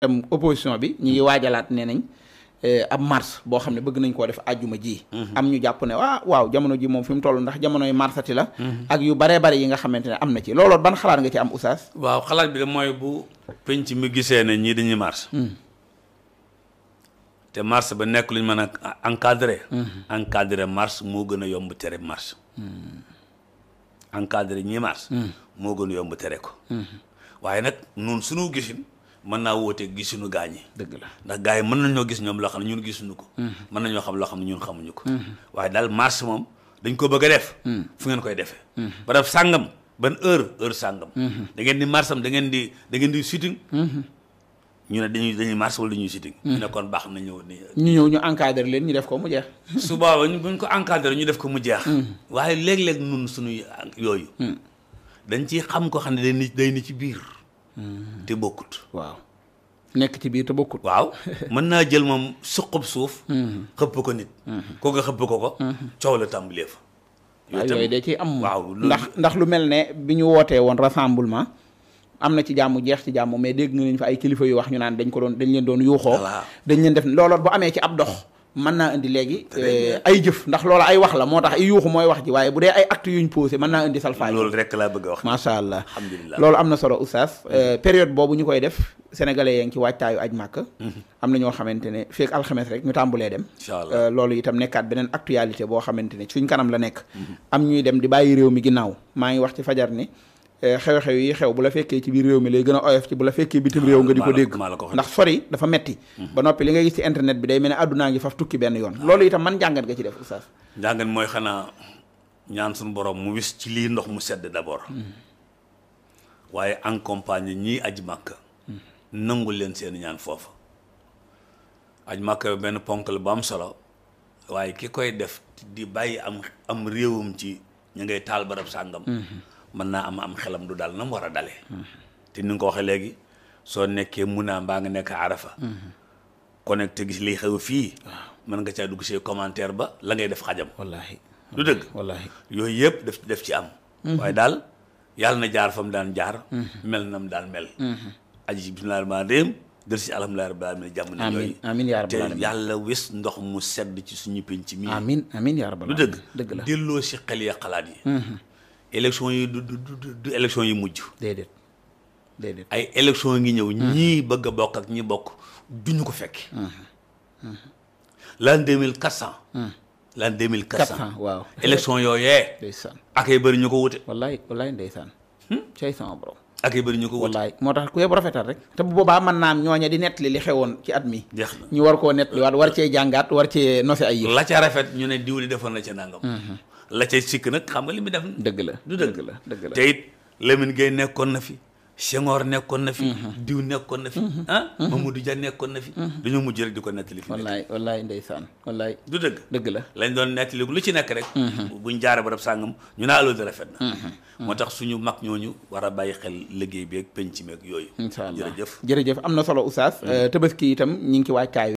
tam opposition bi ñu ngi waajalaat nee nañ eh, ab mars boo xam ne bëgg nañ koo def àjjuma ji mhm. am ñu jàpp ne waa ah, waaw jamono ji moom fi mu toll ndax jamonoy marsati la mhm. ak yu baree bari yi nga xamante ne am na ci looloo ban xalaat nga ci am oustaz waaw xalaat bi da mooy bu penc mi gisee ne ñii dañuy mars mm. te mars ba nekk luñ mën a encadré mm-hmm. encadré mars moo gën a yomb tere mars mm. encadré ñi mars mm. moo gën a yomb tere ko mm-hmm. waaye nag nun suñu gisin mën naa wootee gisuñu gaa ñi dëgg la ndax gaa yi mën nañoo gis ñoom loo xam ne ñun gisuñu ko hmm. mën nañoo xam loo xam ne ñun xamuñu ko hmm. waaye daal marche moom dañ ko bëgg def hmm. fu ngeen koy defee barab sàngam ban heure heure sàngam da ngeen di marche am da ngeen di da ngeen di shooting ñu ne dañuy dañuy marche wala dañuy shooting ñu ne kon baax na ñëw ni ñu ñëw ñu encadré leen ñu def ko mu jeex su booba buñ ko encadré ñu def ko mu jeex waaye léeg-léeg nun suñu yooyu dañ ci xam ko xam ne day ni day ni ci biir te bokkut. waaw nekk ci biir te bokkut. waaw mën naa jël moom suqub suuf. Mhm. xëpp ko nit. Mhm. ko nga xëpp ko ko. Mhm. coow la tàmbalee fa. yooyu da ciy am. waaw ndax ndax lu mel ne bi ñu wootee woon rassemblement. am na ci jàmm jeex ci jàmm mais dégg nañ fa ay kilifa yu wax ñu naan dañ ko doon dañ leen doon yuuxoo. dañ leen def looloo bu amee ci ab dox. mën naa indi léegi euh, ay jëf ndax loolu ay wax la moo tax ay yuuxu mooy wax ji waaye bu dee ay actes yuñ posé mën naa indi salfaañ loolu rek laa bëgg wax macha allah alhamdulilah loolu am na solo oustaz euh, période boobu ñu koy def sénégalais yaa ci waajtaayu aj màkk mhm. am na ñoo xamante ne feek alxames rek ñu tàmbulee dem euh, loolu itam nekkaat beneen actualité boo xamante ne suñ kanam la nekk mhm. am ñuy dem di bàyyi réew mi ginnaaw maa ngi wax ci fajar ni Eh, xew-xew yi xew bu la fekkee ci biir réew mi lay gën a oyof ci bu la fekkee bitim réew nga di ko dégg ndax sori dafa metti mhm. ba noppi li nga gis ci internet bi day mel ne àddunaa ngi faf tukki benn yoon loolu itam man njàngat nga ci def njàngat mooy xanaa ñaan suñu borom mu wis ci lii ndox mu sedd d'abord mhm. waaye accompagner ñii aj màkk mhm. nangu leen seeni ñaan foofu aj màkk benn ponk la bu am solo waaye ki koy def di bàyyi am am réewum ci ñu ngay taal barab sàngam mën naa am am xelam du daal na mu war a dalee te ni nga ko waxee léegi soo nekkee mun Muna mbaa nga nekk Arafa connecté gis liy xew fii mën nga caa dugg see commentaire ba la ngay def xajam wallaahi du dëgg wallaahi yooyu yëpp def def ci am mhm. waaye daal yàlla na jaar fa mu daan jaar mhm. mel na mu daan mel mhm. aji si bismillahi rahmaani rahim si alhamdulillahi rabbil alamin jàmm na yooyu amiin yaa te yàlla wis ndox mu sedd ci suñu penc mii amiin amiin yaa rabbal alamin du dëgg dëgg si xel ya xalaat yi élection yi du du du élection yi mujj. déedéet déedéet. ay élection ngi ñëw. ñii bëgg a bokk ak ñi bokk duñu ko fekk. l'an deux mille quatre cent. l'an deux mille quatre cent waaw. élection yooyee. ndeysaan ak ay bëri ñu ko wute. wallaay wallaay ndeysaan. cay sama borom. ak ay bëri ñu ko wute wallaay moo tax ku yëpp rafetal rek. te bu boobaa mën naa am ñooña di nettali li xewoon ci at mi. jeex na ñu war koo nettaliwaat war cee jàngaat war cee nose ay yëf. la ca rafet ñu ne diw li defoon na ca nangam. la cay sikk nag xam nga li mu def. dëgg la du dëgg la dëgg la te it Lamine Gueye nekkoon na fi. Senghor nekkoon na fi. Mm-hmm. diw nekkoon na fi. Mm-hmm. ah mm-hmm. Mamadou Dia nekkoon na fi. dañoo mujj rek di ko nettali. wallaay wallaay ndeysaan wallaay. du dëgg dëgg la. lañ doon nekk nettali lu ci nekk rek. buñ jaaree barab sàngam ñu naa loolu de rafet na. moo tax suñu mag ñooñu war a bàyyi xel liggéey bi ak ci meeg yooyu. incha allah jërëjëf jërëjëf am na solo Oustaz. Tabaski itam ñu ngi ci waajtaay.